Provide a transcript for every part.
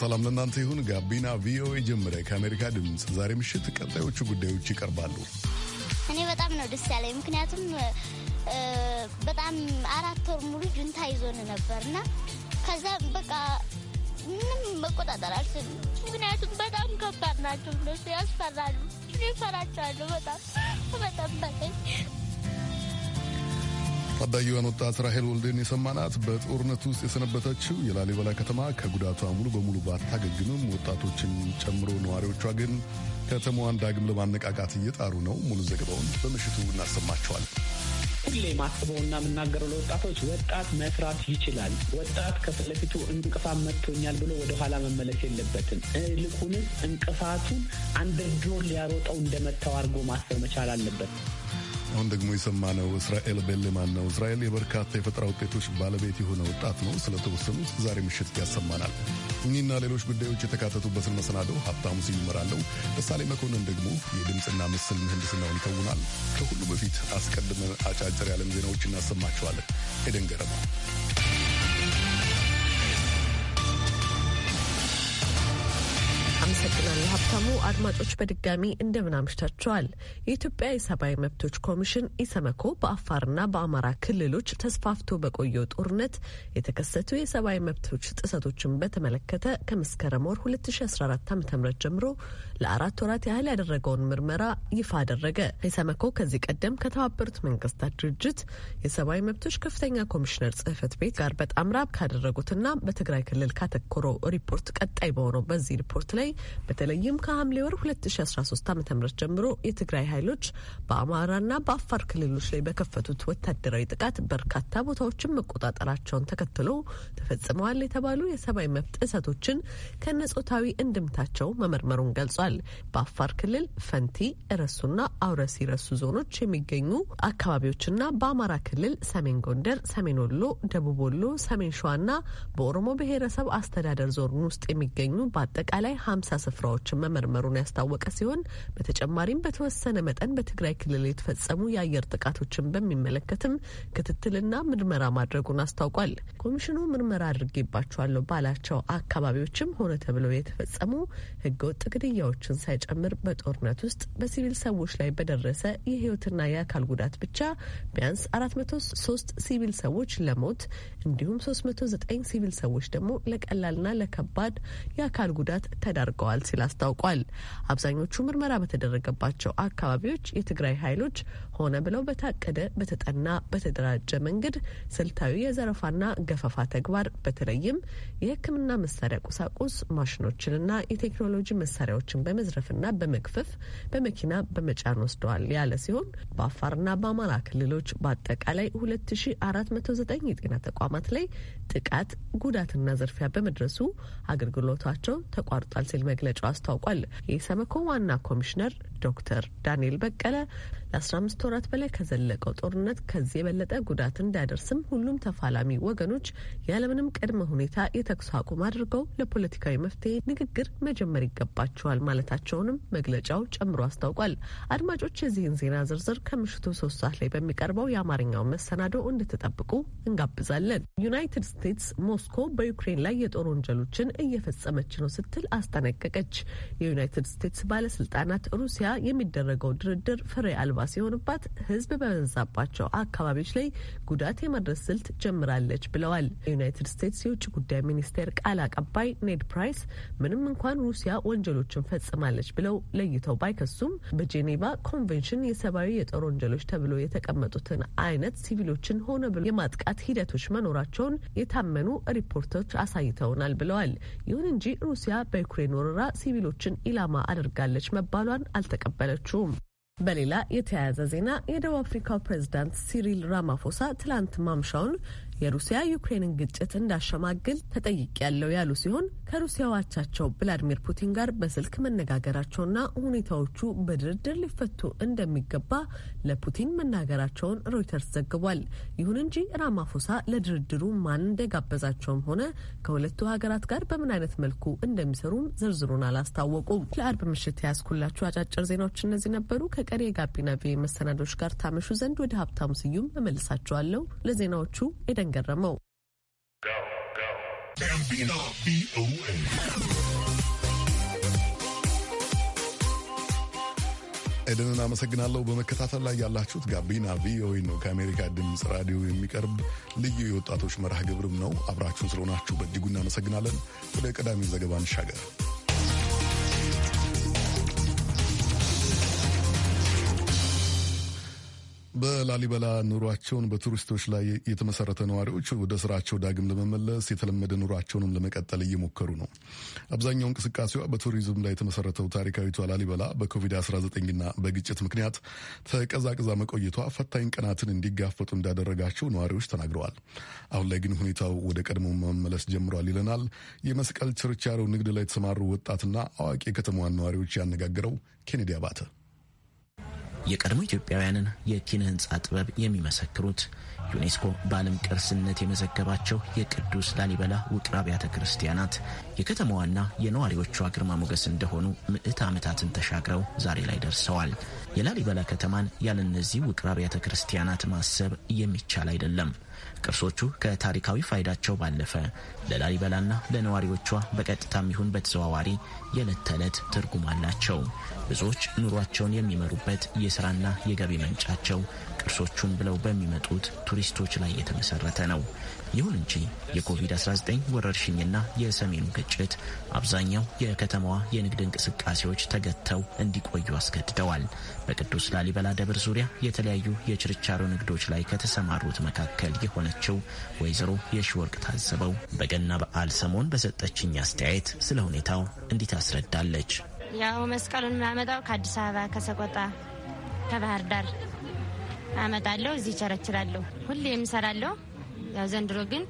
ሰላም ለእናንተ ይሁን። ጋቢና ቪኦኤ ጀምረ ከአሜሪካ ድምፅ ዛሬ ምሽት ቀጣዮቹ ጉዳዮች ይቀርባሉ። እኔ በጣም ነው ደስ ያለኝ ምክንያቱም በጣም አራት ወር ሙሉ ጁንታ ይዞን ነበርና ከዛ በቃ ምንም መቆጣጠር አልችልም። ምክንያቱም በጣም ከባድ ናቸው እነሱ ያስፈራሉ። እኔ እፈራቸዋለሁ በጣም በጣም በጣም ታዳጊዋን ወጣት ራሄል ወልዴን የሰማናት በጦርነት ውስጥ የሰነበተችው የላሊበላ ከተማ ከጉዳቷ ሙሉ በሙሉ ባታገግምም ወጣቶችን ጨምሮ ነዋሪዎቿ ግን ከተማዋን ዳግም ለማነቃቃት እየጣሩ ነው። ሙሉ ዘገባውን በምሽቱ እናሰማቸዋል። ሁሌ ማስበውና የምናገረው ለወጣቶች ወጣት መስራት ይችላል። ወጣት ከፊት ለፊቱ እንቅፋት መጥቶኛል ብሎ ወደኋላ መመለስ የለበትም። ይልቁንስ እንቅፋቱን አንደርጆ ሊያሮጠው እንደመታው አድርጎ ማሰብ መቻል አለበት። አሁን ደግሞ የሰማነው እስራኤል ቤሌማን ነው። እስራኤል የበርካታ የፈጠራ ውጤቶች ባለቤት የሆነ ወጣት ነው። ስለተወሰኑት ዛሬ ምሽት ያሰማናል። እኚህና ሌሎች ጉዳዮች የተካተቱበትን መሰናደው ሀብታሙ ስዩም እመራለሁ። ደሳሌ መኮንን ደግሞ የድምፅና ምስል ምህንድስናውን ይከውናል። ከሁሉ በፊት አስቀድመን አጫጭር የዓለም ዜናዎች እናሰማቸዋለን። ኤደን ገረማ አመሰግናለሁ ሀብታሙ። አድማጮች በድጋሚ እንደምን አምሽታችኋል። የኢትዮጵያ የሰብአዊ መብቶች ኮሚሽን ኢሰመኮ በአፋርና በአማራ ክልሎች ተስፋፍቶ በቆየው ጦርነት የተከሰቱ የሰብአዊ መብቶች ጥሰቶችን በተመለከተ ከመስከረም ወር 2014 ዓ.ም ጀምሮ ለአራት ወራት ያህል ያደረገውን ምርመራ ይፋ አደረገ። ኢሰመኮ ከዚህ ቀደም ከተባበሩት መንግስታት ድርጅት የሰብአዊ መብቶች ከፍተኛ ኮሚሽነር ጽህፈት ቤት ጋር በጣምራ ካደረጉትና በትግራይ ክልል ካተኮረው ሪፖርት ቀጣይ በሆነው በዚህ ሪፖርት ላይ በተለይም ከሐምሌ ወር 2013 ዓ ም ጀምሮ የትግራይ ኃይሎች በአማራና በአፋር ክልሎች ላይ በከፈቱት ወታደራዊ ጥቃት በርካታ ቦታዎችን መቆጣጠራቸውን ተከትሎ ተፈጽመዋል የተባሉ የሰብአዊ መብት ጥሰቶችን ከነጾታዊ እንድምታቸው መመርመሩን ገልጿል። በአፋር ክልል ፈንቲ፣ ረሱና አውረሲ ረሱ ዞኖች የሚገኙ አካባቢዎችና በአማራ ክልል ሰሜን ጎንደር፣ ሰሜን ወሎ፣ ደቡብ ወሎ፣ ሰሜን ሸዋና በኦሮሞ ብሔረሰብ አስተዳደር ዞን ውስጥ የሚገኙ በአጠቃላይ ሀምሳ ስፍራዎችን መመርመሩን ያስታወቀ ሲሆን በተጨማሪም በተወሰነ መጠን በትግራይ ክልል የተፈጸሙ የአየር ጥቃቶችን በሚመለከትም ክትትልና ምርመራ ማድረጉን አስታውቋል። ኮሚሽኑ ምርመራ አድርጌባቸዋለሁ ባላቸው አካባቢዎችም ሆነ ተብለው የተፈጸሙ ህገወጥ ግድያዎችን ሳይጨምር በጦርነት ውስጥ በሲቪል ሰዎች ላይ በደረሰ የህይወትና የአካል ጉዳት ብቻ ቢያንስ ሶስት ሲቪል ሰዎች ለሞት እንዲሁም 309 ሲቪል ሰዎች ደግሞ ለቀላልና ለከባድ የአካል ጉዳት ተዳርገዋል አድርገዋል ሲል አስታውቋል። አብዛኞቹ ምርመራ በተደረገባቸው አካባቢዎች የትግራይ ኃይሎች ሆነ ብለው በታቀደ በተጠና በተደራጀ መንገድ ስልታዊ የዘረፋና ገፈፋ ተግባር በተለይም የሕክምና መሳሪያ ቁሳቁስ ማሽኖችንና የቴክኖሎጂ መሳሪያዎችን በመዝረፍና በመግፈፍ በመኪና በመጫን ወስደዋል ያለ ሲሆን በአፋርና በአማራ ክልሎች በአጠቃላይ 2409 የጤና ተቋማት ላይ ጥቃት፣ ጉዳትና ዘርፊያ በመድረሱ አገልግሎታቸው ተቋርጧል ሲል መግለጫው አስታውቋል። የኢሰመኮ ዋና ኮሚሽነር ዶክተር ዳንኤል በቀለ ለ15 ወራት በላይ ከዘለቀው ጦርነት ከዚህ የበለጠ ጉዳት እንዳያደርስም ሁሉም ተፋላሚ ወገኖች ያለምንም ቅድመ ሁኔታ የተኩስ አቁም አድርገው ለፖለቲካዊ መፍትሄ ንግግር መጀመር ይገባቸዋል ማለታቸውንም መግለጫው ጨምሮ አስታውቋል። አድማጮች የዚህን ዜና ዝርዝር ከምሽቱ ሶስት ሰዓት ላይ በሚቀርበው የአማርኛው መሰናዶ እንድትጠብቁ እንጋብዛለን። ዩናይትድ ስቴትስ ሞስኮ በዩክሬን ላይ የጦር ወንጀሎችን እየፈጸመች ነው ስትል አስጠነቀቀች። የዩናይትድ ስቴትስ ባለስልጣናት ሩሲያ የሚደረገው ድርድር ፍሬ አልባ ሰለባ ሲሆንባት ህዝብ በበዛባቸው አካባቢዎች ላይ ጉዳት የማድረስ ስልት ጀምራለች ብለዋል። የዩናይትድ ስቴትስ የውጭ ጉዳይ ሚኒስቴር ቃል አቀባይ ኔድ ፕራይስ ምንም እንኳን ሩሲያ ወንጀሎችን ፈጽማለች ብለው ለይተው ባይከሱም በጄኔቫ ኮንቬንሽን የሰብአዊ የጦር ወንጀሎች ተብሎ የተቀመጡትን አይነት ሲቪሎችን ሆነ ብሎ የማጥቃት ሂደቶች መኖራቸውን የታመኑ ሪፖርቶች አሳይተውናል ብለዋል። ይሁን እንጂ ሩሲያ በዩክሬን ወረራ ሲቪሎችን ኢላማ አድርጋለች መባሏን አልተቀበለችውም። በሌላ የተያያዘ ዜና የደቡብ አፍሪካው ፕሬዝዳንት ሲሪል ራማፎሳ ትላንት ማምሻውን የሩሲያ ዩክሬንን ግጭት እንዳሸማግል ያለው ያሉ ሲሆን ከሩሲያ አቻቸው ቭላዲሚር ፑቲን ጋር በስልክ መነጋገራቸውና ሁኔታዎቹ በድርድር ሊፈቱ እንደሚገባ ለፑቲን መናገራቸውን ሮይተርስ ዘግቧል። ይሁን እንጂ ራማፎሳ ለድርድሩ ማን እንደጋበዛቸውም ሆነ ከሁለቱ ሀገራት ጋር በምን አይነት መልኩ እንደሚሰሩም ዝርዝሩን አላስታወቁም። ለአርብ ምሽት ያስኩላችሁ አጫጭር ዜናዎች እነዚህ ነበሩ። ከቀሪ የጋቢና ቪ መሰናዶች ጋር ታመሹ ዘንድ ወደ ሀብታሙ ስዩም እመልሳችኋለሁ። ለዜናዎቹ ኤደን ኤደን ገረመው። ኤደንን አመሰግናለሁ። በመከታተል ላይ ያላችሁት ጋቢና ቪኦኤ ነው። ከአሜሪካ ድምፅ ራዲዮ የሚቀርብ ልዩ የወጣቶች መርሃ ግብርም ነው። አብራችሁን ስለሆናችሁ በእጅጉ እናመሰግናለን። ወደ ቀዳሚው ዘገባ እንሻገር። በላሊበላ ኑሯቸውን በቱሪስቶች ላይ የተመሰረተ ነዋሪዎች ወደ ስራቸው ዳግም ለመመለስ የተለመደ ኑሯቸውንም ለመቀጠል እየሞከሩ ነው። አብዛኛው እንቅስቃሴዋ በቱሪዝም ላይ የተመሰረተው ታሪካዊቷ ላሊበላ በኮቪድ-19ና በግጭት ምክንያት ተቀዛቅዛ መቆየቷ ፈታኝ ቀናትን እንዲጋፈጡ እንዳደረጋቸው ነዋሪዎች ተናግረዋል። አሁን ላይ ግን ሁኔታው ወደ ቀድሞ መመለስ ጀምሯል ይለናል የመስቀል ችርቻሮ ንግድ ላይ የተሰማሩ ወጣትና አዋቂ የከተማዋን ነዋሪዎች ያነጋገረው ኬኔዲ አባተ የቀድሞ ኢትዮጵያውያንን የኪነ ህንፃ ጥበብ የሚመሰክሩት ዩኔስኮ በዓለም ቅርስነት የመዘገባቸው የቅዱስ ላሊበላ ውቅር አብያተ ክርስቲያናት የከተማዋና የነዋሪዎቿ ግርማ ሞገስ እንደሆኑ ምዕት ዓመታትን ተሻግረው ዛሬ ላይ ደርሰዋል። የላሊበላ ከተማን ያለ እነዚህ ውቅር አብያተ ክርስቲያናት ማሰብ የሚቻል አይደለም። ቅርሶቹ ከታሪካዊ ፋይዳቸው ባለፈ ለላሊበላና ለነዋሪዎቿ በቀጥታም ይሁን በተዘዋዋሪ የዕለት ተዕለት ትርጉም አላቸው። ብዙዎች ኑሯቸውን የሚመሩበት የስራና የገቢ መንጫቸው ቅርሶቹን ብለው በሚመጡት ቱሪስቶች ላይ የተመሰረተ ነው። ይሁን እንጂ የኮቪድ-19 ወረርሽኝና የሰሜኑ ግጭት አብዛኛው የከተማዋ የንግድ እንቅስቃሴዎች ተገተው እንዲቆዩ አስገድደዋል። በቅዱስ ላሊበላ ደብር ዙሪያ የተለያዩ የችርቻሮ ንግዶች ላይ ከተሰማሩት መካከል የሆነችው ወይዘሮ የሽወርቅ ታዘበው በገና በዓል ሰሞን በሰጠችኝ አስተያየት ስለ ሁኔታው እንዲት አስረዳለች። ያው መስቀሉን የሚያመጣው ከአዲስ አበባ፣ ከሰቆጣ፣ ከባህር ዳር አመጣለሁ። እዚህ ይቸረችላለሁ። ሁሌ የምሰራለሁ ያው ዘንድሮ ግን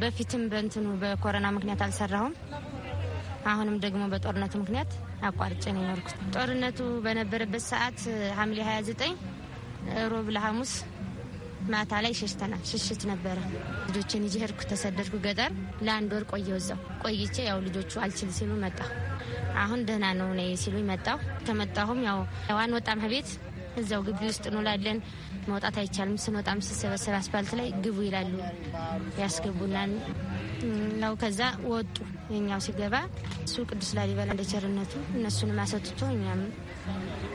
በፊትም በእንትኑ በኮረና ምክንያት አልሰራሁም። አሁንም ደግሞ በጦርነቱ ምክንያት አቋርጬ ነው ያልኩት። ጦርነቱ በነበረበት ሰዓት ሐምሌ 29 ሮብ ለሐሙስ ማታ ላይ ሸሽተናል። ሽሽት ነበረ። ልጆችን ይዤ ሄድኩ፣ ተሰደድኩ ገጠር። ለአንድ ወር ቆየሁ እዛው ቆይቼ ያው ልጆቹ አልችል ሲሉ መጣ። አሁን ደህና ነው ነይ ሲሉ መጣሁ። ከመጣሁም ያው አንወጣም ከቤት እዛው ግቢ ውስጥ እንውላለን። መውጣት አይቻልም። ስንወጣም ስሰበሰብ አስፋልት ላይ ግቡ ይላሉ፣ ያስገቡናል። ያው ከዛ ወጡ። የኛው ሲገባ እሱ ቅዱስ ላሊበላ እንደ ቸርነቱ እነሱንም አሰጥቶ እኛም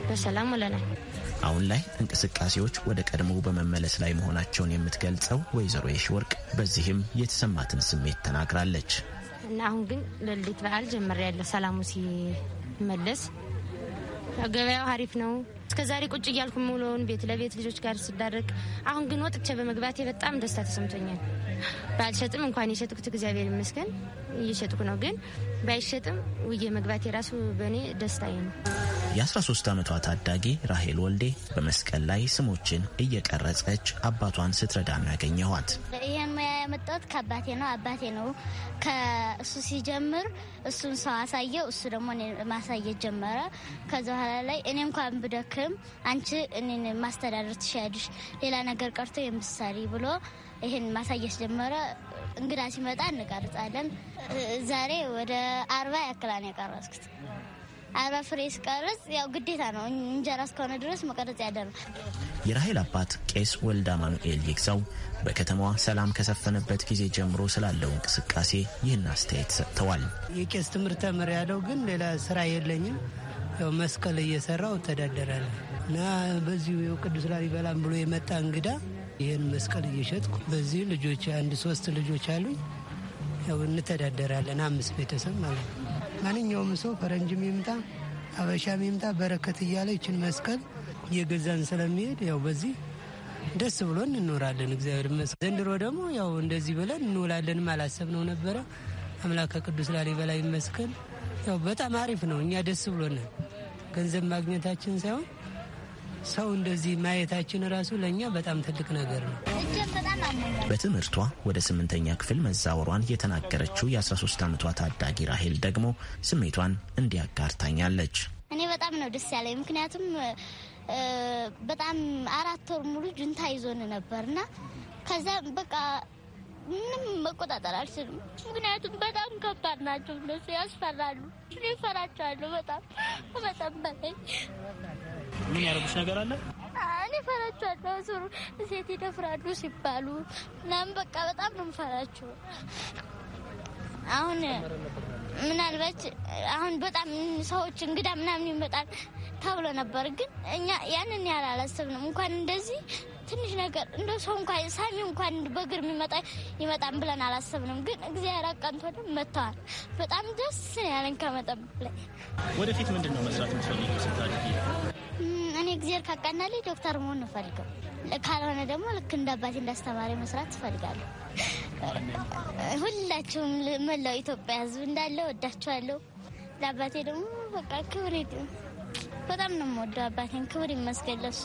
በሰላም ውለናል። አሁን ላይ እንቅስቃሴዎች ወደ ቀድሞ በመመለስ ላይ መሆናቸውን የምትገልጸው ወይዘሮ ወርቅ በዚህም የተሰማትን ስሜት ተናግራለች። እና አሁን ግን ለሊት በዓል ጀምሬያለሁ። ሰላሙ ሲመለስ ገበያው አሪፍ ነው። እስከዛሬ ቁጭ እያልኩ ሙሉውን ቤት ለቤት ልጆች ጋር ስዳረግ፣ አሁን ግን ወጥቼ በመግባቴ በጣም ደስታ ተሰምቶኛል። ባልሸጥም እንኳን የሸጥኩት እግዚአብሔር ይመስገን እየሸጥኩ ነው። ግን ባይሸጥም ውዬ መግባቴ ራሱ በእኔ ደስታዬ ነው። የ13 ዓመቷ ታዳጊ ራሄል ወልዴ በመስቀል ላይ ስሞችን እየቀረጸች አባቷን ስትረዳ ያገኘኋት። ይህን ሙያ የመጣሁት ከአባቴ ነው። አባቴ ነው ከእሱ ሲጀምር እሱን ሰው አሳየው፣ እሱ ደግሞ ማሳየት ጀመረ። ከዛ በኋላ ላይ እኔ እንኳን ብደክም አንቺ እኔን ማስተዳደር ትሻያድሽ፣ ሌላ ነገር ቀርቶ የምሳሌ ብሎ ይህን ማሳየት ጀመረ። እንግዳ ሲመጣ እንቀርጻለን። ዛሬ ወደ አርባ ያክላን የቀረጽኩት አራ ፍሬ ስቀርጽ ያው ግዴታ ነው እንጀራ እስከሆነ ድረስ መቀረጽ ያደረ የራሄል አባት ቄስ ወልድ ማኑኤል ይግዛው በከተማዋ ሰላም ከሰፈነበት ጊዜ ጀምሮ ስላለው እንቅስቃሴ ይህን አስተያየት ሰጥተዋል። የቄስ ትምህርት ተምር ያለው ግን ሌላ ስራ የለኝም ያው መስቀል እየሰራው እተዳደራለሁ እና በዚሁ ቅዱስ ላሊበላም ብሎ የመጣ እንግዳ ይህን መስቀል እየሸጥኩ በዚህ ልጆች አንድ ሶስት ልጆች አሉኝ ያው እንተዳደራለን አምስት ቤተሰብ ማለት ነው። ማንኛውም ሰው ፈረንጅም ይምጣ አበሻም ይምጣ በረከት እያለ ይችን መስቀል እየገዛን ስለሚሄድ ያው በዚህ ደስ ብሎን እንኖራለን። እግዚአብሔር ይመስገን። ዘንድሮ ደግሞ ያው እንደዚህ ብለን እንውላለንም አላሰብነው ነበረ። አምላከ ቅዱስ ላሊበላ ይመስገን። ያው በጣም አሪፍ ነው። እኛ ደስ ብሎን ገንዘብ ማግኘታችን ሳይሆን ሰው እንደዚህ ማየታችን ራሱ ለእኛ በጣም ትልቅ ነገር ነው። በትምህርቷ ወደ ስምንተኛ ክፍል መዛወሯን የተናገረችው የ13 ዓመቷ ታዳጊ ራሄል ደግሞ ስሜቷን እንዲያጋርታኛለች። እኔ በጣም ነው ደስ ያለኝ ምክንያቱም በጣም አራት ወር ሙሉ ጁንታ ይዞን ነበርና ከዛ በቃ ምንም መቆጣጠር አልችልም። ምክንያቱም በጣም ከባድ ናቸው እነሱ ያስፈራሉ። እኔ እፈራቸዋለሁ በጣም በጣም በላይ ምን ያደረጉች ነገር አለ? እኔ ፈራቸዋለሁ። ዙሩ ሴት ይደፍራሉ ሲባሉ ምናምን በቃ በጣም ነው የምፈራቸው። አሁን ምናልባት አሁን በጣም ሰዎች እንግዳ ምናምን ይመጣል ተብሎ ነበር፣ ግን እኛ ያንን ያህል አላሰብንም። እንኳን እንደዚህ ትንሽ ነገር እንደ ሰው እንኳን ሳሚ እንኳን በእግር የሚመጣ ይመጣን ብለን አላሰብንም፣ ግን እግዚአብሔር አቃንቶን መጥተዋል። በጣም ደስ ያለን ከመጠን ላይ። ወደፊት ምንድን ነው መስራት የምትፈልጊ ስታድጊ? እኔ እግዚአብሔር ካቃናልኝ ዶክተር መሆን እፈልገው፣ ካልሆነ ደግሞ ልክ እንደ አባቴ እንዳስተማሪ መስራት እፈልጋለሁ። ሁላችሁም መላው ኢትዮጵያ ሕዝብ እንዳለ ወዳችኋለሁ። ለአባቴ ደግሞ በቃ ክብር በጣም ነው የምወደው አባቴን። ክብር ይመስገን ለሱ።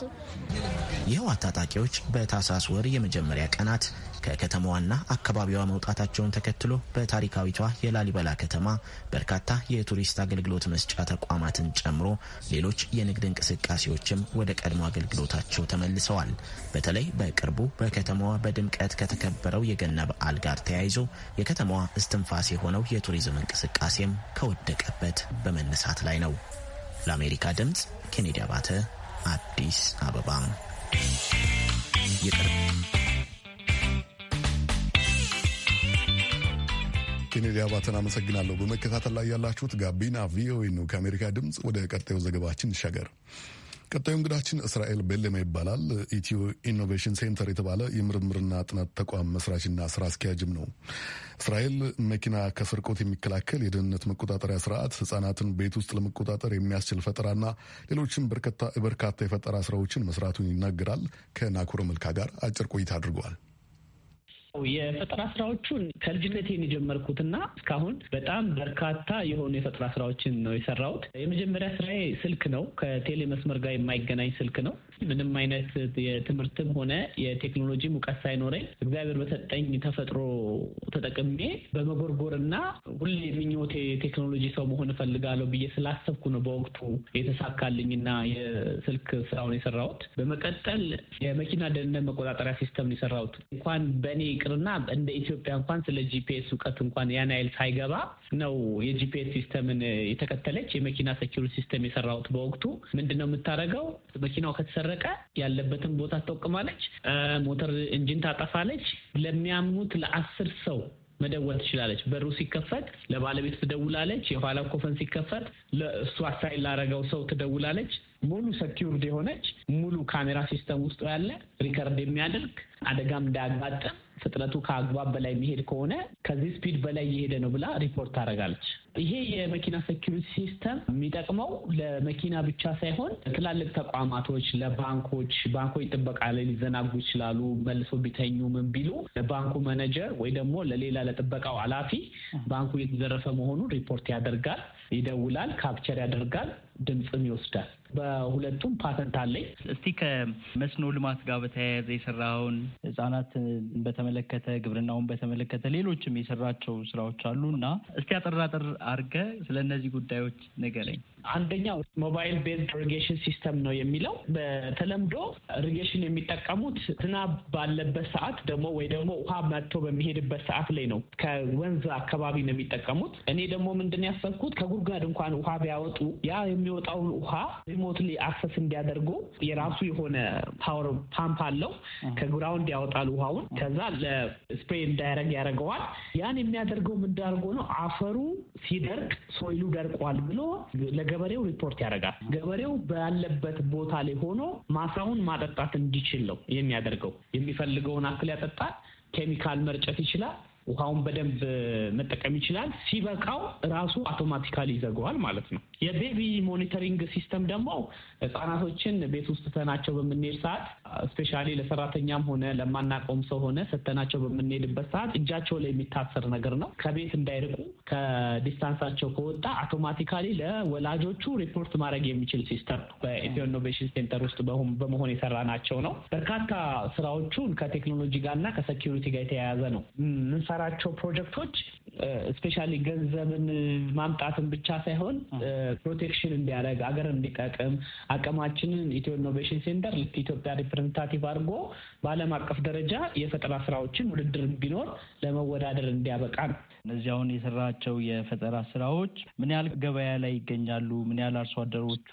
የህወሓት ታጣቂዎች በታህሳስ ወር የመጀመሪያ ቀናት ከከተማዋና አካባቢዋ መውጣታቸውን ተከትሎ በታሪካዊቷ የላሊበላ ከተማ በርካታ የቱሪስት አገልግሎት መስጫ ተቋማትን ጨምሮ ሌሎች የንግድ እንቅስቃሴዎችም ወደ ቀድሞ አገልግሎታቸው ተመልሰዋል። በተለይ በቅርቡ በከተማዋ በድምቀት ከተከበረው የገና በዓል ጋር ተያይዞ የከተማዋ እስትንፋስ የሆነው የቱሪዝም እንቅስቃሴም ከወደቀበት በመነሳት ላይ ነው። ለአሜሪካ ድምፅ ኬኔዲ አባተ አዲስ አበባ። ኬኔዲ አባተን አመሰግናለሁ። በመከታተል ላይ ያላችሁት ጋቢና ቪኦኤ ነው። ከአሜሪካ ድምፅ ወደ ቀጣዩ ዘገባችን ይሻገር። ቀጣዩ እንግዳችን እስራኤል ቤሌማ ይባላል። ኢትዮ ኢኖቬሽን ሴንተር የተባለ የምርምርና ጥናት ተቋም መስራችና ስራ አስኪያጅም ነው። እስራኤል መኪና ከስርቆት የሚከላከል የደህንነት መቆጣጠሪያ ስርዓት፣ ህጻናትን ቤት ውስጥ ለመቆጣጠር የሚያስችል ፈጠራና ሌሎችም በርካታ የፈጠራ ስራዎችን መስራቱን ይናገራል። ከናኩረ መልካ ጋር አጭር ቆይታ አድርገዋል። የፈጠራ ስራዎቹን ከልጅነት የጀመርኩትና እስካሁን በጣም በርካታ የሆኑ የፈጠራ ስራዎችን ነው የሰራሁት። የመጀመሪያ ስራዬ ስልክ ነው። ከቴሌ መስመር ጋር የማይገናኝ ስልክ ነው። ምንም አይነት የትምህርትም ሆነ የቴክኖሎጂ እውቀት ሳይኖረኝ እግዚአብሔር በሰጠኝ ተፈጥሮ ተጠቅሜ በመጎርጎርና ሁሌ ምኞቴ ቴክኖሎጂ ሰው መሆን እፈልጋለሁ ብዬ ስላሰብኩ ነው በወቅቱ የተሳካልኝና የስልክ ስራውን የሰራሁት። በመቀጠል የመኪና ደህንነት መቆጣጠሪያ ሲስተም ነው የሰራሁት። እንኳን በእኔ ይቅርና እንደ ኢትዮጵያ እንኳን ስለ ጂፒኤስ እውቀት እንኳን ያን ያህል ሳይገባ ነው የጂፒኤስ ሲስተምን የተከተለች የመኪና ሴኪሪቲ ሲስተም የሰራሁት። በወቅቱ ምንድን ነው የምታደርገው መኪናው ከተሰራ እየሰረቀ ያለበትን ቦታ ትጠቁማለች፣ ሞተር እንጂን ታጠፋለች። ለሚያምኑት ለአስር ሰው መደወል ትችላለች። በሩ ሲከፈት ለባለቤት ትደውላለች። የኋላ ኮፈን ሲከፈት ለእሱ አሳይ ላረገው ሰው ትደውላለች። ሙሉ ሰኪውርድ የሆነች ሙሉ ካሜራ ሲስተም ውስጡ ያለ ሪከርድ የሚያደርግ አደጋም እንዳያጋጥም ፍጥነቱ ከአግባብ በላይ የሚሄድ ከሆነ ከዚህ ስፒድ በላይ እየሄደ ነው ብላ ሪፖርት ታደርጋለች። ይሄ የመኪና ሴኪሪቲ ሲስተም የሚጠቅመው ለመኪና ብቻ ሳይሆን ትላልቅ ተቋማቶች፣ ለባንኮች ባንኮች ጥበቃ ላይ ሊዘናጉ ይችላሉ። መልሶ ቢተኙ ምን ቢሉ ለባንኩ መነጀር ወይ ደግሞ ለሌላ ለጥበቃው ኃላፊ ባንኩ እየተዘረፈ መሆኑን ሪፖርት ያደርጋል፣ ይደውላል፣ ካፕቸር ያደርጋል፣ ድምፅም ይወስዳል። በሁለቱም ፓተንት አለኝ። እስቲ ከመስኖ ልማት ጋር በተያያዘ የሰራውን ህጻናትን በተመለከተ ግብርናውን በተመለከተ ሌሎችም የሰራቸው ስራዎች አሉ እና እስቲ አጠር አጠር አድርገ ስለ እነዚህ ጉዳዮች ንገረኝ። አንደኛው ሞባይል ቤዝድ ኢሪጌሽን ሲስተም ነው የሚለው በተለምዶ ኢሪጌሽን የሚጠቀሙት ዝናብ ባለበት ሰዓት ደግሞ ወይ ደግሞ ውሃ መጥቶ በሚሄድበት ሰዓት ላይ ነው። ከወንዝ አካባቢ ነው የሚጠቀሙት። እኔ ደግሞ ምንድን ያሰብኩት ከጉድጓድ እንኳን ውሃ ቢያወጡ ያ የሚወጣውን ውሃ ሪሞትሊ አክሰስ እንዲያደርጉ የራሱ የሆነ ፓወር ፓምፕ አለው። ከግራውንድ ያወጣል ውሃውን። ከዛ ለስፕሬ እንዳያደረግ ያደረገዋል። ያን የሚያደርገው ምንዳርጎ ነው? አፈሩ ሲደርቅ ሶይሉ ደርቋል ብሎ ለገበሬው ሪፖርት ያደርጋል። ገበሬው ባለበት ቦታ ላይ ሆኖ ማሳውን ማጠጣት እንዲችል ነው የሚያደርገው። የሚፈልገውን አክል ያጠጣል። ኬሚካል መርጨት ይችላል። ውሃውን በደንብ መጠቀም ይችላል። ሲበቃው ራሱ አውቶማቲካሊ ይዘገዋል ማለት ነው። የቤቢ ሞኒተሪንግ ሲስተም ደግሞ ህጻናቶችን ቤት ውስጥ ተናቸው በምንሄድ ሰዓት ስፔሻሊ ለሰራተኛም ሆነ ለማናቀውም ሰው ሆነ ሰተናቸው በምንሄድበት ሰዓት እጃቸው ላይ የሚታሰር ነገር ነው። ከቤት እንዳይርቁ ከዲስታንሳቸው ከወጣ አውቶማቲካሊ ለወላጆቹ ሪፖርት ማድረግ የሚችል ሲስተም በኢትዮ ኢኖቬሽን ሴንተር ውስጥ በመሆን የሰራናቸው ነው። በርካታ ስራዎቹን ከቴክኖሎጂ ጋርና ከሴኪሪቲ ጋር የተያያዘ ነው። የምንሰራቸው ፕሮጀክቶች ስፔሻሊ ገንዘብን ማምጣትን ብቻ ሳይሆን ፕሮቴክሽን እንዲያደርግ አገር እንዲጠቅም አቅማችንን ኢትዮ ኢኖቬሽን ሴንተር ኢትዮጵያ ሪፕሬዘንታቲቭ አድርጎ በዓለም አቀፍ ደረጃ የፈጠራ ስራዎችን ውድድር ቢኖር ለመወዳደር እንዲያበቃ ነው። እነዚያውን የሰራቸው የፈጠራ ስራዎች ምን ያህል ገበያ ላይ ይገኛሉ? ምን ያህል አርሶ አደሮቹ፣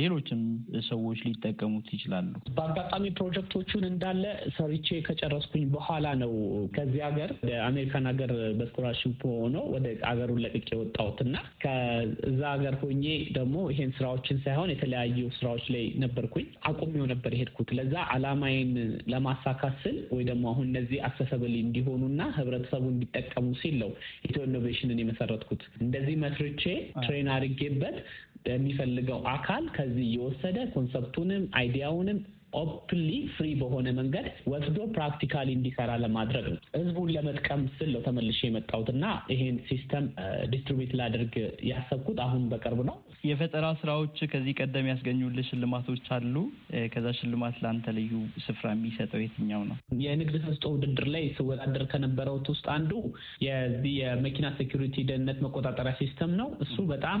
ሌሎችም ሰዎች ሊጠቀሙት ይችላሉ? በአጋጣሚ ፕሮጀክቶቹን እንዳለ ሰርቼ ከጨረስኩኝ በኋላ ነው ከዚህ ሀገር ወደ አሜሪካን ሀገር በስኮላርሺፕ ሆኖ ወደ ሀገሩን ለቅቄ የወጣሁት እና ከዛ ሀገር ሆኜ ደግሞ ይሄን ስራዎችን ሳይሆን የተለያዩ ስራዎች ላይ ነበርኩኝ። አቁሜው ነበር የሄድኩት። ለዛ አላማዬን ለማሳካት ስል ወይ ደግሞ አሁን እነዚህ አክሰሰብል እንዲሆኑና ህብረተሰቡ እንዲጠቀሙ ሲል ነው ኢትዮ ኢኖቬሽንን የመሰረትኩት። እንደዚህ መስርቼ ትሬን አድርጌበት የሚፈልገው አካል ከዚህ እየወሰደ ኮንሰፕቱንም አይዲያውንም ኦፕንሊ ፍሪ በሆነ መንገድ ወስዶ ፕራክቲካሊ እንዲሰራ ለማድረግ ነው። ህዝቡን ለመጥቀም ስል ነው ተመልሼ የመጣሁት እና ይሄን ሲስተም ዲስትሪቢዩት ላድርግ ያሰብኩት አሁን በቅርብ ነው። የፈጠራ ስራዎች ከዚህ ቀደም ያስገኙልህ ሽልማቶች አሉ? ከዛ ሽልማት ለአንተ ልዩ ስፍራ የሚሰጠው የትኛው ነው? የንግድ ተሰጥኦ ውድድር ላይ ስወዳደር ከነበረውት ውስጥ አንዱ የዚህ የመኪና ሴኩሪቲ ደህንነት መቆጣጠሪያ ሲስተም ነው። እሱ በጣም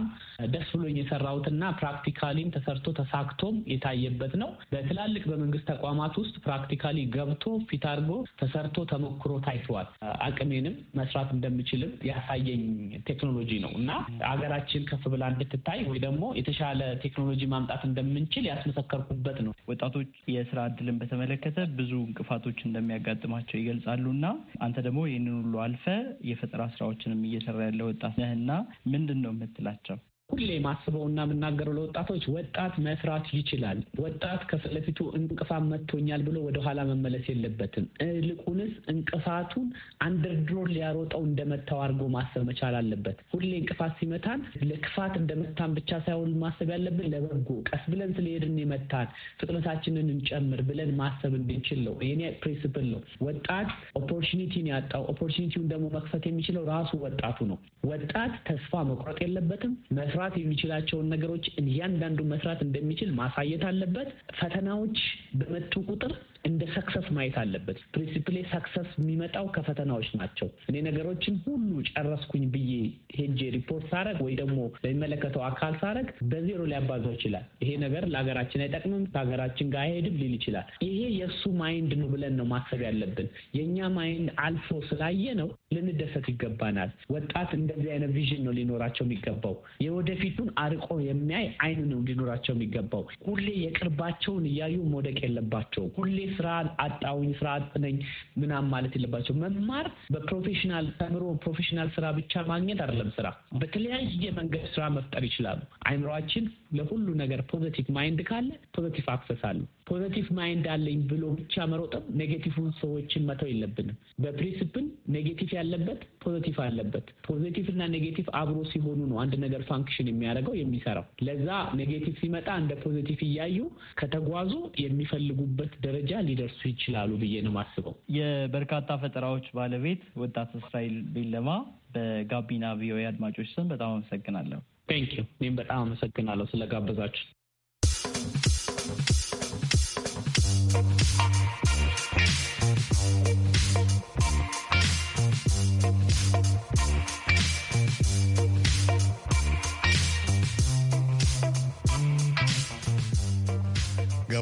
ደስ ብሎኝ የሰራሁትና ፕራክቲካሊም ተሰርቶ ተሳክቶም የታየበት ነው። በትላልቅ በመንግስት ተቋማት ውስጥ ፕራክቲካሊ ገብቶ ፊት አድርጎ ተሰርቶ ተሞክሮ ታይቷል። አቅሜንም መስራት እንደምችልም ያሳየኝ ቴክኖሎጂ ነው እና አገራችን ከፍ ብላ እንድትታይ ወይ ደግሞ የተሻለ ቴክኖሎጂ ማምጣት እንደምንችል ያስመሰከርኩበት ነው። ወጣቶች የስራ እድልን በተመለከተ ብዙ እንቅፋቶች እንደሚያጋጥማቸው ይገልጻሉ እና አንተ ደግሞ ይህንን ሁሉ አልፈ የፈጠራ ስራዎችንም እየሰራ ያለ ወጣት ነህና ምንድን ነው የምትላቸው? ሁሌ ማስበው እና የምናገረው ለወጣቶች ወጣት መስራት ይችላል። ወጣት ከፊት እንቅፋት መጥቶኛል ብሎ ወደኋላ መመለስ የለበትም። ይልቁንስ እንቅፋቱን አንደርድሮ ሊያሮጠው እንደመታው አድርጎ ማሰብ መቻል አለበት። ሁሌ እንቅፋት ሲመታን ለክፋት እንደመታን ብቻ ሳይሆን ማሰብ ያለብን ለበጎ ቀስ ብለን ስለሄድን የመታን ፍጥነታችንን እንጨምር ብለን ማሰብ እንድንችል ነው። የኔ ፕሪንስፕል ነው። ወጣት ኦፖርቹኒቲን ያጣው ኦፖርቹኒቲውን ደግሞ መክፈት የሚችለው ራሱ ወጣቱ ነው። ወጣት ተስፋ መቁረጥ የለበትም መስራት መስራት የሚችላቸውን ነገሮች እያንዳንዱ መስራት እንደሚችል ማሳየት አለበት። ፈተናዎች በመጡ ቁጥር እንደ ሰክሰስ ማየት አለበት። ፕሪንሲፕሌ ሰክሰስ የሚመጣው ከፈተናዎች ናቸው። እኔ ነገሮችን ሁሉ ጨረስኩኝ ብዬ ሄጄ ሪፖርት ሳረግ ወይ ደግሞ ለሚመለከተው አካል ሳረግ በዜሮ ሊያባዛው ይችላል። ይሄ ነገር ለሀገራችን አይጠቅምም፣ ከሀገራችን ጋር አይሄድም ሊል ይችላል። ይሄ የእሱ ማይንድ ነው ብለን ነው ማሰብ ያለብን። የእኛ ማይንድ አልፎ ስላየ ነው ልንደሰት ይገባናል። ወጣት እንደዚህ አይነት ቪዥን ነው ሊኖራቸው የሚገባው። የወደፊቱን አርቆ የሚያይ አይን ነው ሊኖራቸው የሚገባው። ሁሌ የቅርባቸውን እያዩ መውደቅ የለባቸው ሁሌ ስራ አጣውኝ፣ ስራ አጥነኝ ምናም ማለት የለባቸው። መማር በፕሮፌሽናል ተምሮ ፕሮፌሽናል ስራ ብቻ ማግኘት አይደለም። ስራ በተለያየ መንገድ ስራ መፍጠር ይችላሉ። አይምሯችን ለሁሉ ነገር ፖዘቲቭ ማይንድ ካለ ፖዘቲቭ አክሰስ አለ። ፖዘቲቭ ማይንድ አለኝ ብሎ ብቻ መሮጥም ኔጌቲቭ ሰዎችን መተው የለብንም። በፕሪንስፕል ኔጌቲቭ ያለበት ፖዘቲቭ አለበት። ፖዘቲቭ እና ኔጌቲቭ አብሮ ሲሆኑ ነው አንድ ነገር ፋንክሽን የሚያደርገው የሚሰራው። ለዛ ኔጌቲቭ ሲመጣ እንደ ፖዘቲቭ እያዩ ከተጓዙ የሚፈልጉበት ደረጃ ሊደርሱ ይችላሉ ብዬ ነው የማስበው። የበርካታ ፈጠራዎች ባለቤት ወጣት እስራኤል ቤለማ በጋቢና ቪኦኤ አድማጮች ስም በጣም አመሰግናለሁ። ቴንክ ዩ። እኔም በጣም አመሰግናለሁ ስለጋበዛችሁ።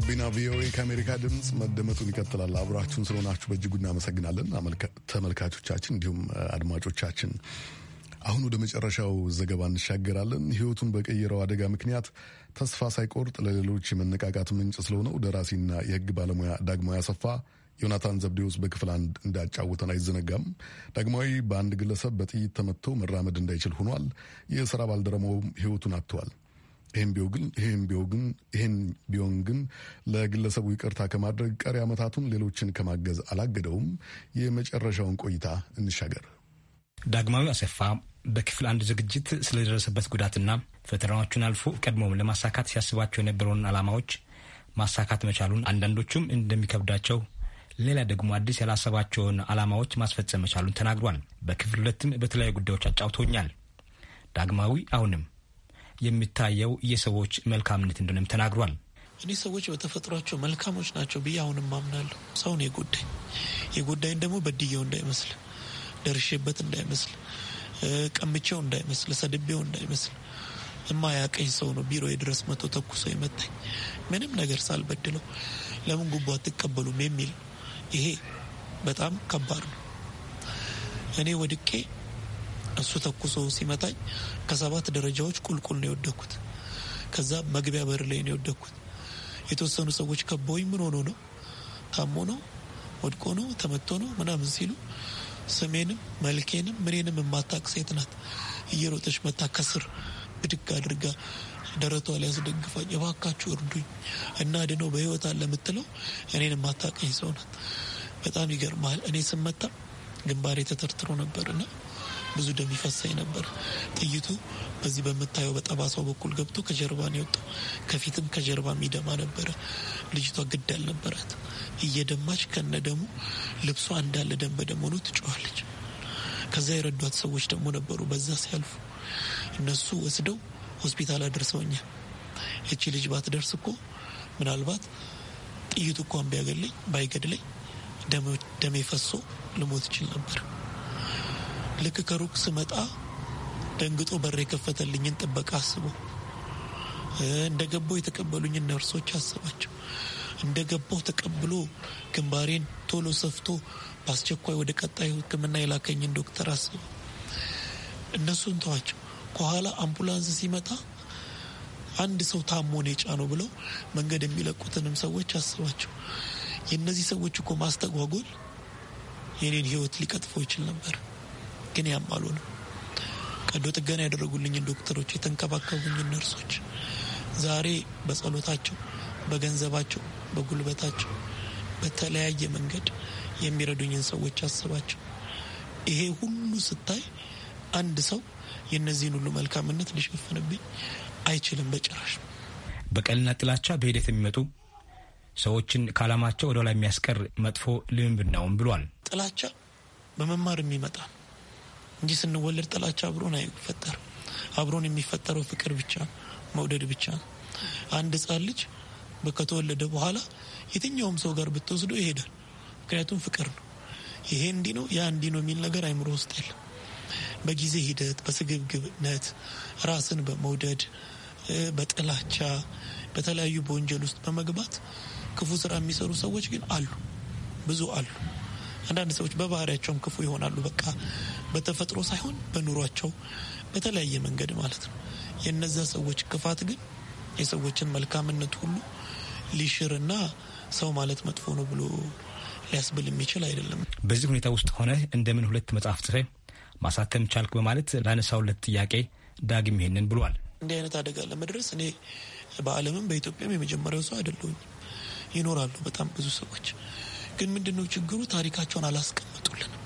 ጋቢና ቪኦኤ ከአሜሪካ ድምፅ መደመጡን ይቀጥላል። አብራችሁን ስለሆናችሁ በእጅጉ እናመሰግናለን ተመልካቾቻችን፣ እንዲሁም አድማጮቻችን። አሁን ወደ መጨረሻው ዘገባ እንሻገራለን። ሕይወቱን በቀየረው አደጋ ምክንያት ተስፋ ሳይቆርጥ ለሌሎች የመነቃቃት ምንጭ ስለሆነው ደራሲና የሕግ ባለሙያ ዳግማዊ አሰፋ ዮናታን ዘብዴዎስ በክፍል አንድ እንዳጫወተን አይዘነጋም። ዳግማዊ በአንድ ግለሰብ በጥይት ተመትቶ መራመድ እንዳይችል ሆኗል። የስራ ባልደረባውም ሕይወቱን አጥተዋል። ይህም ቢሆን ግን ለግለሰቡ ይቅርታ ከማድረግ ቀሪ ዓመታቱን ሌሎችን ከማገዝ አላገደውም። የመጨረሻውን ቆይታ እንሻገር። ዳግማዊ አሰፋ በክፍል አንድ ዝግጅት ስለደረሰበት ጉዳትና ፈተናዎቹን አልፎ ቀድሞም ለማሳካት ሲያስባቸው የነበረውን ዓላማዎች ማሳካት መቻሉን፣ አንዳንዶቹም እንደሚከብዳቸው ሌላ ደግሞ አዲስ ያላሰባቸውን ዓላማዎች ማስፈጸም መቻሉን ተናግሯል። በክፍል ሁለትም በተለያዩ ጉዳዮች አጫውቶኛል። ዳግማዊ አሁንም የሚታየው የሰዎች መልካምነት እንደሆነም ተናግሯል። እኔ ሰዎች በተፈጥሯቸው መልካሞች ናቸው ብዬ አሁንም አምናለሁ ሰውን የጎዳኝ የጎዳኝ ደግሞ በድየው እንዳይመስል፣ ደርሼበት እንዳይመስል፣ ቀምቼው እንዳይመስል፣ ሰድቤው እንዳይመስል የማያቀኝ ሰው ነው ቢሮ የድረስ መቶ ተኩሶ ይመታኝ ምንም ነገር ሳልበድለው ለምን ጉቦ አትቀበሉም የሚል ይሄ በጣም ከባድ ነው። እኔ ወድቄ እሱ ተኩሶ ሲመታኝ ከሰባት ደረጃዎች ቁልቁል ነው የወደኩት። ከዛ መግቢያ በር ላይ ነው የወደኩት። የተወሰኑ ሰዎች ከቦኝ ምን ሆኖ ነው ታሞ ነው ወድቆ ነው ተመቶ ነው ምናምን ሲሉ ስሜንም መልኬንም ምኔንም የማታቅ ሴት ናት እየሮጠች መታ ከስር ብድግ አድርጋ ደረቷ ላይ ያስደግፋኝ እባካችሁ እርዱኝ እና ድነው በህይወት አለ የምትለው እኔን የማታቀኝ ሰው ናት። በጣም ይገርማል። እኔ ስመታ ግንባሬ ተተርትሮ ነበር እና ብዙ ደም ይፈሳኝ ነበር። ጥይቱ በዚህ በምታየው በጠባሳው በኩል ገብቶ ከጀርባ ነው የወጣው። ከፊትም ከጀርባ ሚደማ ነበረ። ልጅቷ ግድ አልነበራት። እየደማች ከነ ደሙ ልብሷ እንዳለ ደም በደም ሆኖ ትጮኋለች። ከዛ የረዷት ሰዎች ደግሞ ነበሩ በዛ ሲያልፉ፣ እነሱ ወስደው ሆስፒታል አደርሰውኛል። እቺ ልጅ ባትደርስ እኮ ምናልባት ጥይቱ እንኳን ቢያገለኝ ባይገድለኝ ደሜ ፈሶ ልሞት ይችል ነበር። ልክ ከሩቅ ስመጣ ደንግጦ በር የከፈተልኝን ጥበቃ አስበው፣ እንደ የተቀበሉኝን ነርሶች አስባቸው፣ እንደ ተቀብሎ ግንባሬን ቶሎ ሰፍቶ በአስቸኳይ ወደ ቀጣይ ሕክምና የላከኝን ዶክተር አስበው። እነሱን ተዋቸው። ከኋላ አምቡላንስ ሲመጣ አንድ ሰው ታሞን የጫነው ብለው መንገድ የሚለቁትንም ሰዎች አስባቸው። የእነዚህ ሰዎች እኮ ማስተጓጎል የኔን ህይወት ሊቀጥፎ ይችል ነበር። ግን ያማሉ ነው ቀዶ ጥገና ያደረጉልኝን ዶክተሮች፣ የተንከባከቡኝን ነርሶች ዛሬ በጸሎታቸው፣ በገንዘባቸው፣ በጉልበታቸው በተለያየ መንገድ የሚረዱኝን ሰዎች አስባቸው። ይሄ ሁሉ ስታይ አንድ ሰው የእነዚህን ሁሉ መልካምነት ሊሸፍንብኝ አይችልም በጭራሽ። በቀልና ጥላቻ በሂደት የሚመጡ ሰዎችን ከዓላማቸው ወደ ኋላ የሚያስቀር መጥፎ ልምምድ ነውም ብሏል። ጥላቻ በመማር የሚመጣ ነው። እንጂ ስንወለድ ጥላቻ አብሮን አይፈጠር አብሮን የሚፈጠረው ፍቅር ብቻ መውደድ ብቻ ነው። አንድ ህጻን ልጅ ከተወለደ በኋላ የትኛውም ሰው ጋር ብትወስዶ ይሄዳል። ምክንያቱም ፍቅር ነው። ይሄ እንዲህ ነው፣ ያ እንዲህ ነው የሚል ነገር አይምሮ ውስጥ ያለ በጊዜ ሂደት በስግብግብነት ራስን በመውደድ በጥላቻ በተለያዩ በወንጀል ውስጥ በመግባት ክፉ ስራ የሚሰሩ ሰዎች ግን አሉ፣ ብዙ አሉ። አንዳንድ ሰዎች በባህሪያቸውም ክፉ ይሆናሉ። በቃ በተፈጥሮ ሳይሆን በኑሯቸው በተለያየ መንገድ ማለት ነው። የነዛ ሰዎች ክፋት ግን የሰዎችን መልካምነት ሁሉ ሊሽርና ሰው ማለት መጥፎ ነው ብሎ ሊያስብል የሚችል አይደለም። በዚህ ሁኔታ ውስጥ ሆነ እንደምን ሁለት መጽሐፍ ጽፌ ማሳተም ቻልክ በማለት ላነሳውለት ጥያቄ ዳግም ይሄንን ብሏል። እንዲህ አይነት አደጋ ለመድረስ እኔ በዓለምም በኢትዮጵያም የመጀመሪያው ሰው አይደለሁኝ። ይኖራሉ በጣም ብዙ ሰዎች ግን ምንድነው ችግሩ? ታሪካቸውን አላስቀመጡልንም።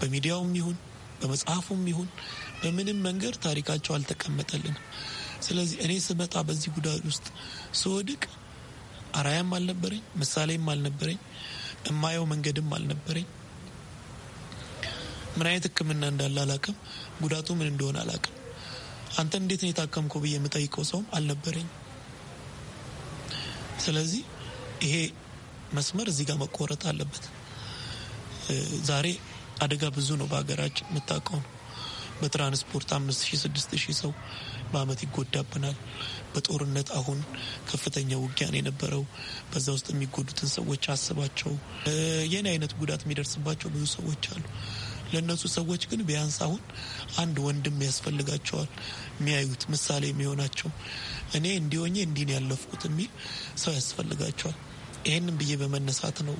በሚዲያውም ይሁን በመጽሐፉም ይሁን በምንም መንገድ ታሪካቸው አልተቀመጠልንም። ስለዚህ እኔ ስመጣ በዚህ ጉዳይ ውስጥ ስወድቅ አራያም አልነበረኝ፣ ምሳሌም አልነበረኝ፣ እማየው መንገድም አልነበረኝ። ምን አይነት ሕክምና እንዳለ አላቅም፣ ጉዳቱ ምን እንደሆነ አላቅም። አንተ እንዴት ነው የታከምከው ብዬ የምጠይቀው ሰውም አልነበረኝ። ስለዚህ ይሄ መስመር እዚህ ጋር መቆረጥ አለበት። ዛሬ አደጋ ብዙ ነው በሀገራችን የምታውቀው ነው። በትራንስፖርት አምስት ሺህ ስድስት ሺህ ሰው በአመት ይጎዳብናል። በጦርነት አሁን ከፍተኛ ውጊያን የነበረው በዛ ውስጥ የሚጎዱትን ሰዎች አስባቸው። የኔ አይነት ጉዳት የሚደርስባቸው ብዙ ሰዎች አሉ። ለእነሱ ሰዎች ግን ቢያንስ አሁን አንድ ወንድም ያስፈልጋቸዋል። የሚያዩት ምሳሌ የሚሆናቸው እኔ እንዲሆኜ እንዲህ ያለፍኩት የሚል ሰው ያስፈልጋቸዋል። ይህንን ብዬ በመነሳት ነው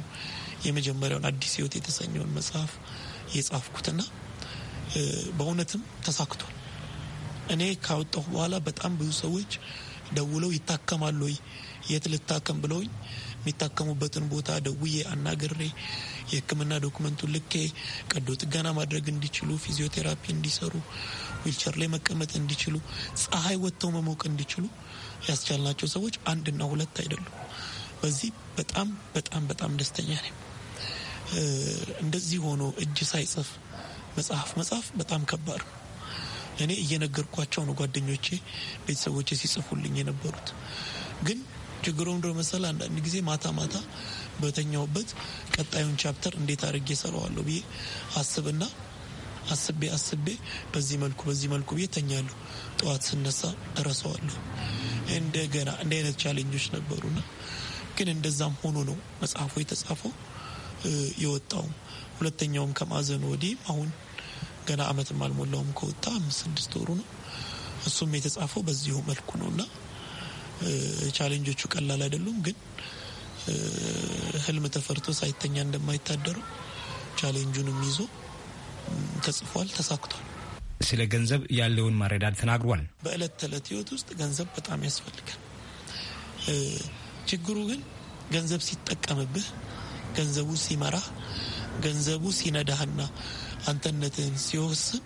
የመጀመሪያውን አዲስ ህይወት የተሰኘውን መጽሐፍ የጻፍኩትና በእውነትም ተሳክቷል። እኔ ካወጣሁ በኋላ በጣም ብዙ ሰዎች ደውለው ይታከማሉ ወይ የት ልታከም ብለውኝ የሚታከሙበትን ቦታ ደውዬ አናግሬ የህክምና ዶክመንቱን ልኬ ቀዶ ጥገና ማድረግ እንዲችሉ፣ ፊዚዮቴራፒ እንዲሰሩ፣ ዊልቸር ላይ መቀመጥ እንዲችሉ፣ ፀሐይ ወጥተው መሞቅ እንዲችሉ ያስቻልናቸው ሰዎች አንድና ሁለት አይደሉም። በዚህ በጣም በጣም በጣም ደስተኛ ነኝ። እንደዚህ ሆኖ እጅ ሳይጽፍ መጽሐፍ መጽሐፍ በጣም ከባድ ነው። እኔ እየነገርኳቸው ነው ጓደኞቼ፣ ቤተሰቦቼ ሲጽፉልኝ የነበሩት ግን ችግሩም ደው መሰል አንዳንድ ጊዜ ማታ ማታ በተኛውበት ቀጣዩን ቻፕተር እንዴት አድርጌ እሰራዋለሁ ብዬ አስብና አስቤ አስቤ በዚህ መልኩ በዚህ መልኩ ብዬ ተኛለሁ። ጠዋት ስነሳ እረሳዋለሁ። እንደገና እንደ አይነት ቻሌንጆች ነበሩና ግን እንደዛም ሆኖ ነው መጽሐፉ የተጻፈው የወጣው ሁለተኛውም ከማዕዘኑ ወዲህ አሁን ገና አመትም አልሞላውም ከወጣ አምስት ስድስት ወሩ ነው። እሱም የተጻፈው በዚሁ መልኩ ነው እና ቻሌንጆቹ ቀላል አይደሉም። ግን ህልም ተፈርቶ ሳይተኛ እንደማይታደረው ቻሌንጁንም ይዞ ተጽፏል፣ ተሳክቷል። ስለ ገንዘብ ያለውን ማረዳድ ተናግሯል። በእለት ተዕለት ህይወት ውስጥ ገንዘብ በጣም ያስፈልጋል። ችግሩ ግን ገንዘብ ሲጠቀምብህ፣ ገንዘቡ ሲመራ ገንዘቡ ሲነዳህና አንተነትህን ሲወስን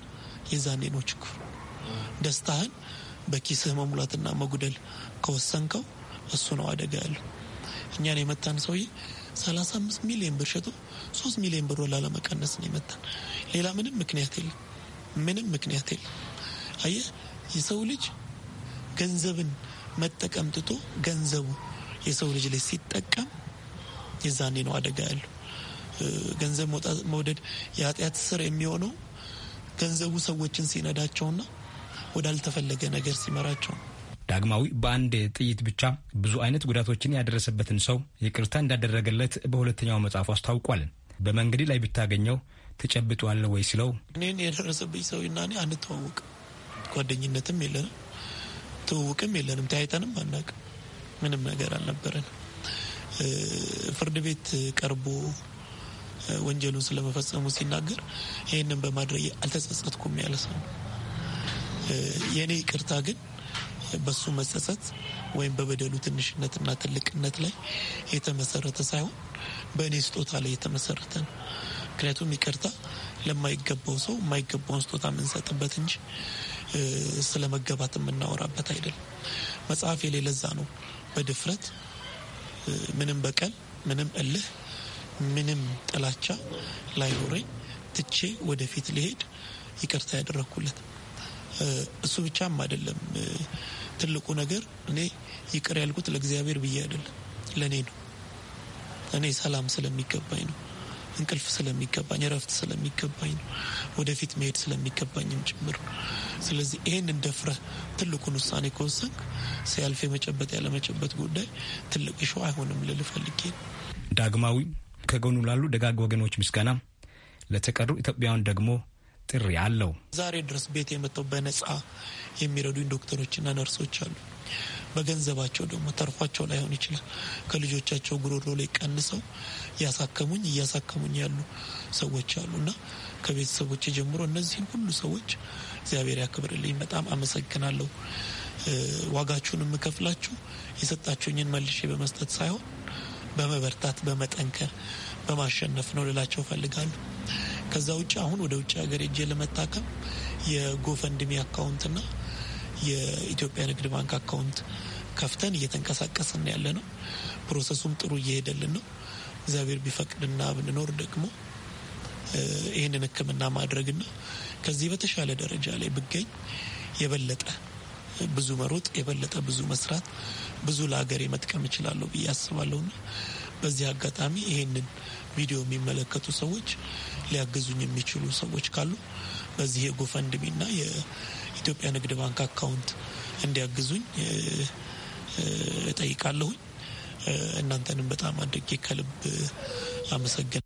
የዛኔ ነው ችግሩ። ደስታህን በኪስህ መሙላትና መጉደል ከወሰንከው እሱ ነው አደጋ ያለው። እኛን የመታን ሰውዬ 35 ሚሊዮን ብር ሸጦ 3 ሚሊዮን ብር ላለመቀነስ ነው የመታን። ሌላ ምንም ምክንያት የለም። ምንም ምክንያት የለም። አየህ የሰው ልጅ ገንዘብን መጠቀም ትቶ ገንዘቡ የሰው ልጅ ላይ ሲጠቀም የዛኔ ነው አደጋ ያለው። ገንዘብ መውደድ የኃጢአት ስር የሚሆነው ገንዘቡ ሰዎችን ሲነዳቸውና ወዳልተፈለገ ነገር ሲመራቸው ነው። ዳግማዊ በአንድ ጥይት ብቻ ብዙ አይነት ጉዳቶችን ያደረሰበትን ሰው ይቅርታ እንዳደረገለት በሁለተኛው መጽሐፉ አስታውቋል። በመንገድ ላይ ብታገኘው ትጨብጧል ወይ ስለው እኔን የደረሰብኝ ሰውና እኔ አንተዋወቅ፣ ጓደኝነትም የለንም፣ ትውውቅም የለንም፣ ተያይተንም አናውቅም። ምንም ነገር አልነበረን። ፍርድ ቤት ቀርቦ ወንጀሉን ስለመፈጸሙ ሲናገር ይህንን በማድረግ አልተጸጸትኩም ያለ ሰው የእኔ ይቅርታ ግን በሱ መጸጸት ወይም በበደሉ ትንሽነትና ትልቅነት ላይ የተመሰረተ ሳይሆን በእኔ ስጦታ ላይ የተመሰረተ ነው። ምክንያቱም ይቅርታ ለማይገባው ሰው የማይገባውን ስጦታ የምንሰጥበት እንጂ ስለ መገባት የምናወራበት አይደለም። መጽሐፍ የሌለዛ ነው በድፍረት ምንም በቀል፣ ምንም እልህ፣ ምንም ጥላቻ ላይኖረኝ ትቼ ወደፊት ሊሄድ ይቅርታ ያደረግኩለት እሱ ብቻም አይደለም። ትልቁ ነገር እኔ ይቅር ያልኩት ለእግዚአብሔር ብዬ አይደለም፣ ለእኔ ነው። እኔ ሰላም ስለሚገባኝ ነው። እንቅልፍ ስለሚገባኝ እረፍት ስለሚገባኝ ወደፊት መሄድ ስለሚገባኝም ጭምር ስለዚህ ይህን እንደፍረህ ትልቁን ውሳኔ ከወሰንክ ሲያልፍ የመጨበጥ ያለመጨበጥ ጉዳይ ትልቅ ሾ አይሆንም ልል ፈልጌ ዳግማዊ ከጎኑ ላሉ ደጋግ ወገኖች ምስጋና፣ ለተቀሩ ኢትዮጵያውያን ደግሞ ጥሪ አለው። ዛሬ ድረስ ቤት የመጣው በነጻ የሚረዱኝ ዶክተሮችና ነርሶች አሉ። በገንዘባቸው ደግሞ ተርፏቸው ላይሆን ይችላል። ከልጆቻቸው ጉሮሮ ላይ ቀንሰው እያሳከሙኝ እያሳከሙኝ ያሉ ሰዎች አሉ እና ከቤተሰቦች ጀምሮ እነዚህን ሁሉ ሰዎች እግዚአብሔር ያክብርልኝ። በጣም አመሰግናለሁ። ዋጋችሁን የምከፍላችሁ የሰጣችሁኝን መልሼ በመስጠት ሳይሆን በመበርታት፣ በመጠንከር፣ በማሸነፍ ነው ልላቸው እፈልጋለሁ። ከዛ ውጭ አሁን ወደ ውጭ ሀገር እጄ ለመታከም የጎፈንድሜ አካውንትና የኢትዮጵያ ንግድ ባንክ አካውንት ከፍተን እየተንቀሳቀስን ያለ ነው። ፕሮሰሱም ጥሩ እየሄደልን ነው። እግዚአብሔር ቢፈቅድና ብንኖር ደግሞ ይህንን ሕክምና ማድረግና ከዚህ በተሻለ ደረጃ ላይ ብገኝ የበለጠ ብዙ መሮጥ የበለጠ ብዙ መስራት ብዙ ለሀገር መጥቀም እችላለሁ ብዬ አስባለሁና በዚህ አጋጣሚ ይህንን ቪዲዮ የሚመለከቱ ሰዎች ሊያግዙኝ የሚችሉ ሰዎች ካሉ በዚህ የጎፈንድሚና የኢትዮጵያ ንግድ ባንክ አካውንት እንዲያግዙኝ እጠይቃለሁኝ። እናንተንም በጣም አድርጌ ከልብ አመሰግናለሁ።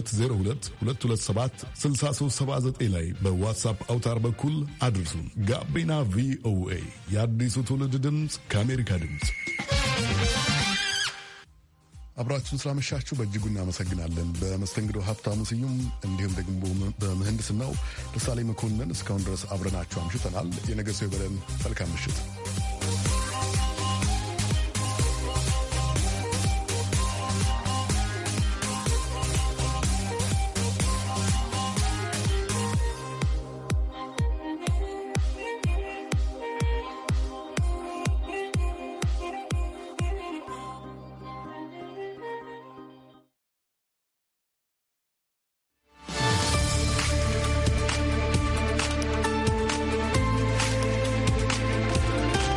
202 ላይ በዋትሳፕ አውታር በኩል አድርሱን። ጋቢና ቪኦኤ የአዲሱ ትውልድ ድምፅ ከአሜሪካ ድምፅ። አብራችሁን ስላመሻችሁ በእጅጉ እናመሰግናለን። በመስተንግዶ ሀብታሙ ስዩም፣ እንዲሁም ደግሞ በምህንድስናው ደሳሌ መኮንን እስካሁን ድረስ አብረናችሁ አምሽተናል። የነገ ሰው ይበለን። መልካም ምሽት።